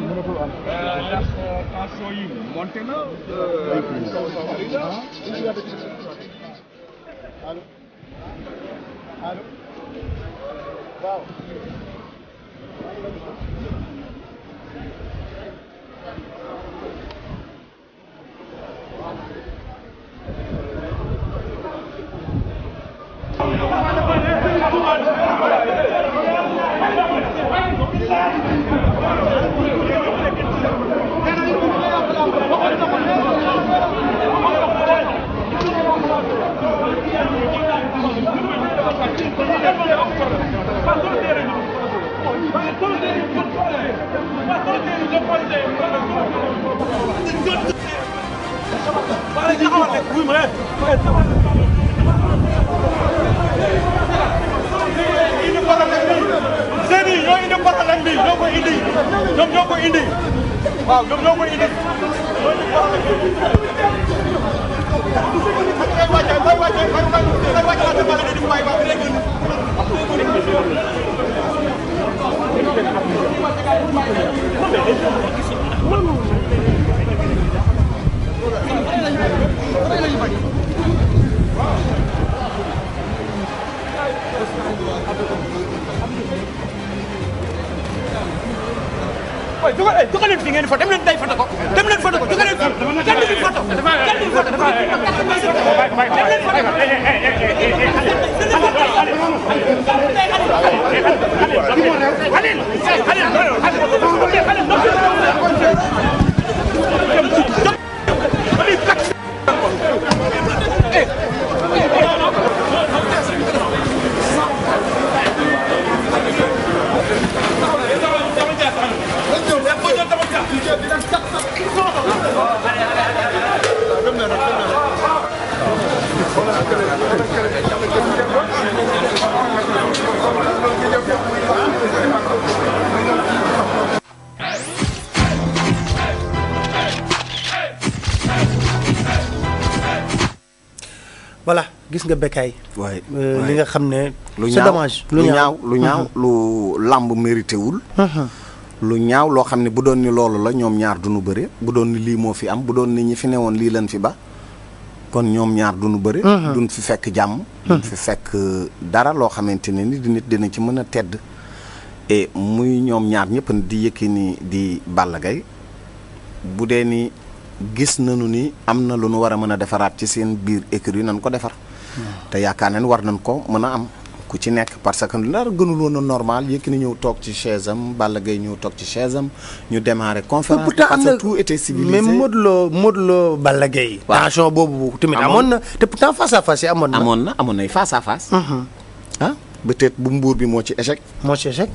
mënatul am. ndax tension yi monté na. allo allo waaw. ñoom ñoo ko indi waaw ñoom ñoo ko indi loolu waaye dugal dugal leen fii ngeen di foto dem leen day foto ko dem leen foto ko dugal leen fii kenn du fi foto kenn du fi foto dem leen foto voilà gis nga bekkaay. waaye euh, li nga xam ne. lu ñaaw lu ñaaw mhm. lu làmb mérité wul. Mhm. lu ñaaw loo xam ne bu doon ni loolu la ñoom ñaar du ñu bu doon ni lii moo fi am bu doon ni ñi fi woon lii lañ fi ba. kon ñoom ñaar duñu bari mhm. duñ fi fekk jàmm. fi fekk euh, dara loo xamante ne ni nit dina ci mën a tedd. muy ñoom ñaar ñëpp di nii di Balla Gaye bu dee ni gis nañu ni am na lu nu war a mën a defaraat ci seen biir écrits yi nañ ko defar. te yaakaar nañ war nañ ko mën a am. ku ci nekk parce que dara gënul woon a normal Yékini ñëw toog ci chaise am Balla Gaye ñëw toog ci chaise am ñu démarré conférence parce que tout était civilisé mais Modou Lo Modou Lo Balla Gaye tension boobu tamit amoon na te pourtant face à face yi amoon na amoon na amoon nay face à face mhm. ah, bu mbuur bi moo ci échec moo ci échec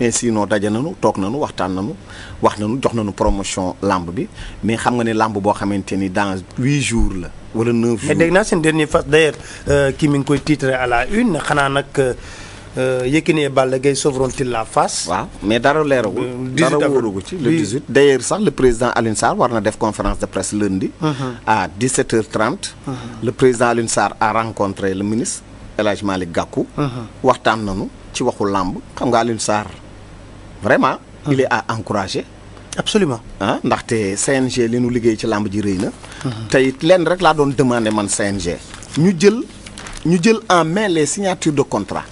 mais sinon daje nañu toog nañu waxtaan nañu wax nañu jox nañu promotion lamb bi mais xam nga ne lamb boo xamante ni dans huit jours la wala neuf jours. mais dégg naa seen dernier face d'ailleurs euh, kii mi ngi koy tiitre à la une xanaa nag. Euh, euh, Yékini Balla Gaye sauveront-ils la face. waaw mais dara leeragul. dara wóoragu ci le 18. d' ailleurs sax le président Alioune Sarr war na def conférence de presse lundi. Mhm. à 17h30. Mhm. le président Alioune Sarr a rencontré le ministre El Hadj mhm. waxtaan nañu ci waxu làmb xam nga Alioune vraiment il est à encourager absolument ah ndaxte CNG li nu liggéey ci làmb ji rëy na tey lenn rek laa doon demandé man CNG ñu jël ñu jël en mais les signatures de contrat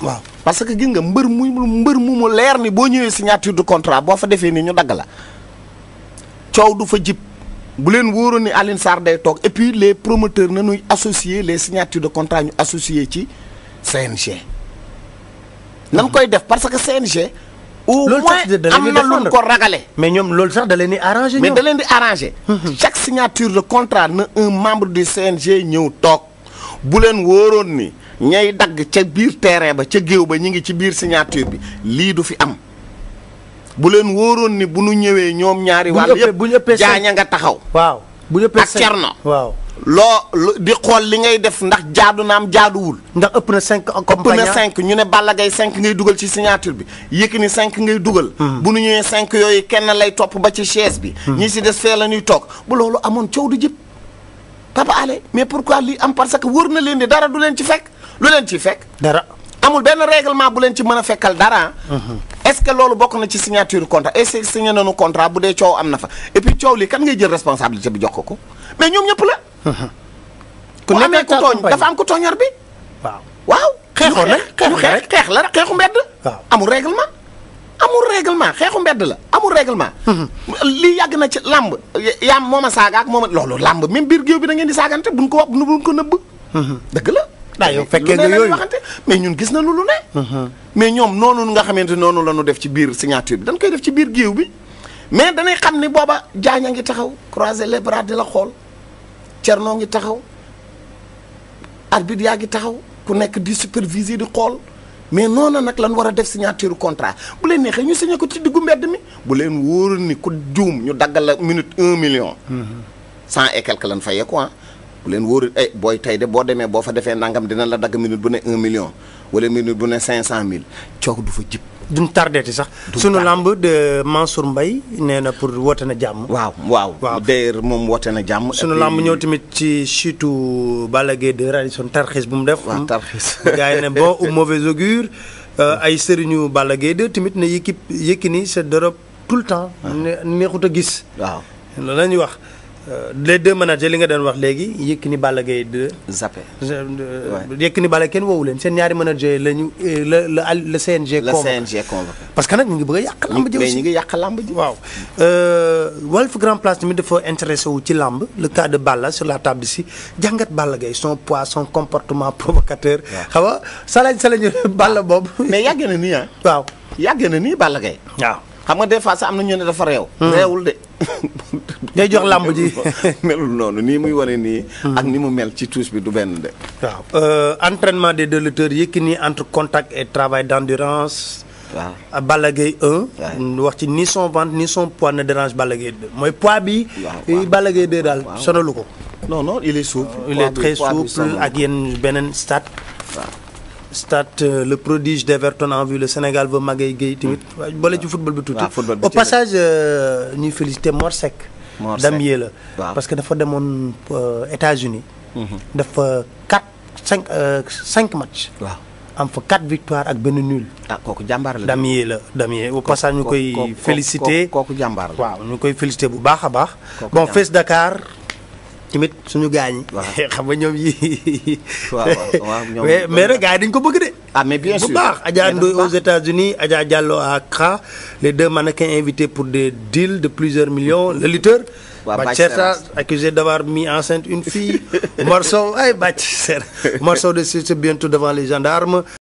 waaw parce que gis nga mbër mu mbër mu mu leer ni boo ñëwee signature de contrat boo fa defee nii ñu dagg la coow du fa jib bu leen wóoroon ni Alioune Sarr day toog et puis les na nuy associé les signatures de contrat ñu associer ci CNG nan koy def parce que CNG au moins am na lu ko ragale. mais ñoom lool sax da leen di arrangé. mais leen di arrangé. chaque signature de contrat na un membre du CNG ñëw toog bu leen wóoroon ni ñay dagg ca biir terrain ba ca géew ba ñu ngi ci biir signature bi lii du fi am bu leen wóoroon ni bu ñu ñëwee ñoom ñaari. wàll yëpp jaaña nga taxaw bu ñëppee ak cerno waaw loo di xool li ngay def ndax jaadu naam jaaduwul. ndax ëpp na cinq accompagnants ëpp cinq ñu ne Balla Gaye cinq ngay dugal ci signature bi Yékini cinq ngay dugal. Hmm. bu nu ñëwee cinq yooyu kenn lay topp ba ci chaise bi. Hmm. ñi si des fee la ñuy toog bu loolu amoon coow du jib Papa Alé mais pour lii am parce que wër na leen di dara du leen ci fekk lu leen ci fekk. dara amul benn règlement bu leen ci mën a fekkal dara. Hmm. est que loolu bokk na ci signature contrat est ce signé nañu contrat bu dee coow am na fa et puis coow li kan ngay jël responsabilité bi jox ko ko mais ñoom ñëpp la. ku amee dafa am ku tooñar bi. waaw waaw. xeex xeex la xeexu mbedd. waaw amul règlement. amul règlement xeexu mbedd la amul règlement. lii yàgg na ci làmb. yaam mooma saaga ak mooma loolu làmb même biir géew bi na ngeen di saagante buñ ko wax buñ ko nëbb. dëgg la. daa yow fekkee nga yooyu mais ñun gis na lu ne. Uh-huh. mais ñoom noonu nga xamante noonu la nu def ci biir signature bi dañ koy def ci biir géew bi mais danay xam ni booba jaaña ngi taxaw croiser les bras di la xool cernoo ngi taxaw arbitre yaa ngi taxaw ku nekk di superviser di xool mais noonu nag la lan war a def signature contrat bu leen neexee ñu signé ko ci diggu mbedd mi bu leen wóor ni ku juum ñu daggal la minute un million. Uh-huh. cent et quelque lan fayee quoi. bu leen wóorul ay eh, booy tey de boo demee boo fa defee nangam dina la dagg minute bu ne un million wala minute bu ne cinq cent mille coow du fa jib. duñ tardeti sax. sunu lamb de Mansour Mbaye nee na pour woote na jàmm. waaw waaw waaw d'ailleurs moom woote na jàmm. sunu làmb ñëw tamit ci chute Balla Gaye de Radisson tarxis bu mu def. waaw tarxis gars yi ne bon ou mauvais augure. Euh, ay sëriñu Balla Gaye de tamit ne yëkkip yëkki ni c'est d'Europe tout le temps. Ah. neexut a gis. waaw loolu la ñuy wax. Euh, les deux managers li nga doon wax léegi Yékini Balla Gaye 2. zappé waay euh, ni Balla kenn woowu leen seen ñaari managers la ñu euh, la la le CNG. convoqué le CNG convoqué. parce que nag ñu ngi bëgg a yàq làmb ji aussi ñu ngi yàq làmb ji. waaw Walf Grand Place tamit dafa intéressé wu ci làmb le cas de Balla sur la table si jàngat Balla Gaye son poids son comportement provocateur. waaw xam nga salañ salañu Balla boobu. mais yàgg na nii ah. waaw yàgg na nii Balla Gaye. waaw xam nga des fois sax am na ñu ne dafa réew. Hmm. réewul de. day jox làmb ji melul noonu nii muy wane nii. Hmm. ak ni mu mel ci tous bi du benn de. waaw euh, entraînement des deux lutteurs Yékini entre contact et travail d'endurance. waaw euh, Balla wax ci ni son ventre ni son poids ne dérange Balla Gaye mooy poids bi. waaw eh, Balla Gaye 2 daal sonalu ko. non il est souple. il est très souple ak yenn beneen stade. stade euh, le prodige d'Everton en vue le Sénégal va Magaye Gueye tamit. Hmm. boole ci football bi tuuti. au passage euh, ñuy félicité Mor Seck. Mor Seck damier parce que dafa demoon euh, États-Unis hmm. dafa quatre cinq cinq matchs. waaw am fa quatre victoires ak benn nul. ah kooku jàmbaar la damier la damier au passage ñu koy. félicité kooku jàmbaar la waaw ñu koy félicité bu baax a baax. bon Fes Dakar. tamit suñu gaañ. waaw xam nga ñoom yi mais mais nag ko bëgg de. ah mais bien sûr bu baax Adja Ndoye aux États-Unis Adja Diallo à Accra les deux mannequins invités pour des deals de plusieurs millions le lutteur. waaw Bacheta accusé d'avoir enceinte une fii Omar ay Bacheta Omar Sow de bientôt devant les gendarmes.